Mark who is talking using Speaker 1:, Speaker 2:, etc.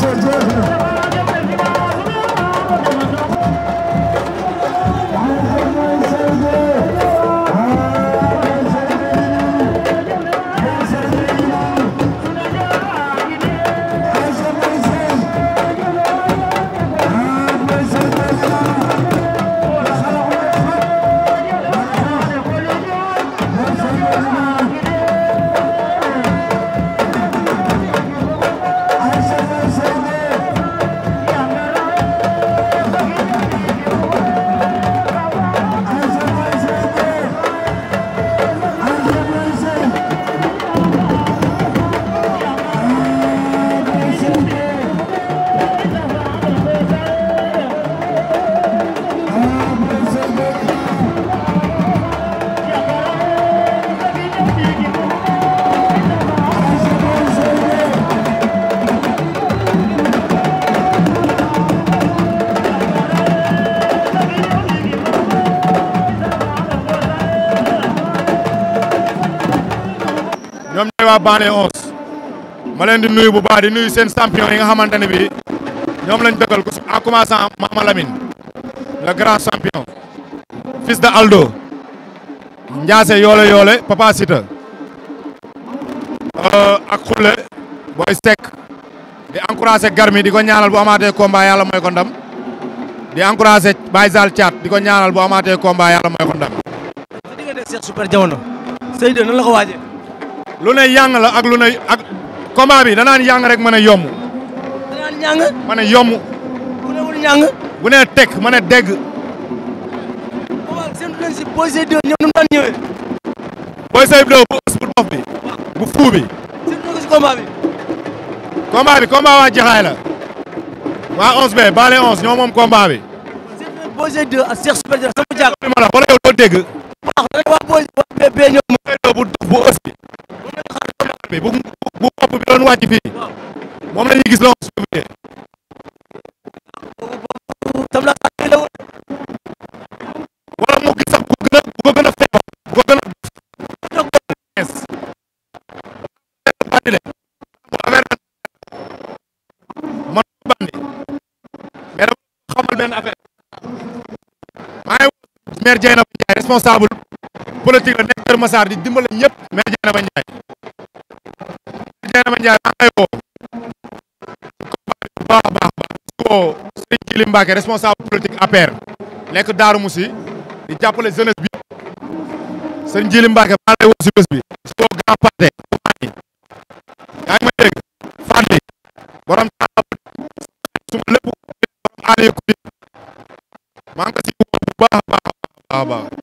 Speaker 1: Richard Jefferson.
Speaker 2: waa Bané 11 ma leen di nuyu bu baax di nuyu seen champion yi nga xamante ne bi ñoom lañ dëggal ko en commençant Mama Lamine le grand champion fils de Aldo Ndiasse yoole yoole Papa Sita euh, ak xule booy di encouragé garmi di ko ñaanal bu amaatee combat yàlla mooy ko ndam di encouragé Baye Zal di ko ñaanal bu amaatee combat yàlla mooy ko lu ne yàng la ak lu ne ak combat danaan yàng rek mën a yomb. danaan yàng. bu ne wul yàng. bu ne teg mën a si Boy Seye 2 nu mu daan ñëwee. Boy Seye bu ës bu dof bi. bu si combat bi. combat waa jaxaay la. waa 11B Bale 11 ñoo moom combat bi. seen leen Boy Seye ak Super Dieng sama jàkk. wala yow doo dégg. bu dof bi bu bu bopp bi doon wàcc fii moom la ñuy gis loolu suufee.
Speaker 1: wala mu gis sax bu gën a bu ko gën a feebar bu ko gën a.
Speaker 2: man bandi mais dama xamal benn affaire maa ngi woo maire Dieynaba Ndiaye responsable politique la nekk Kër Massar di dimbale ñëpp maire Dieynaba woo Serigne Djily Mbacké responsable politique APR nekk Darou Moussi di jàppale jeunesse bi Serigne Djily Mbacké maa lay woo si si woo grand parti
Speaker 1: maa yaa ngi ma dégg fànni borom taala suma lépp borom aaliyo ko maa ngi si woo bu baax a baax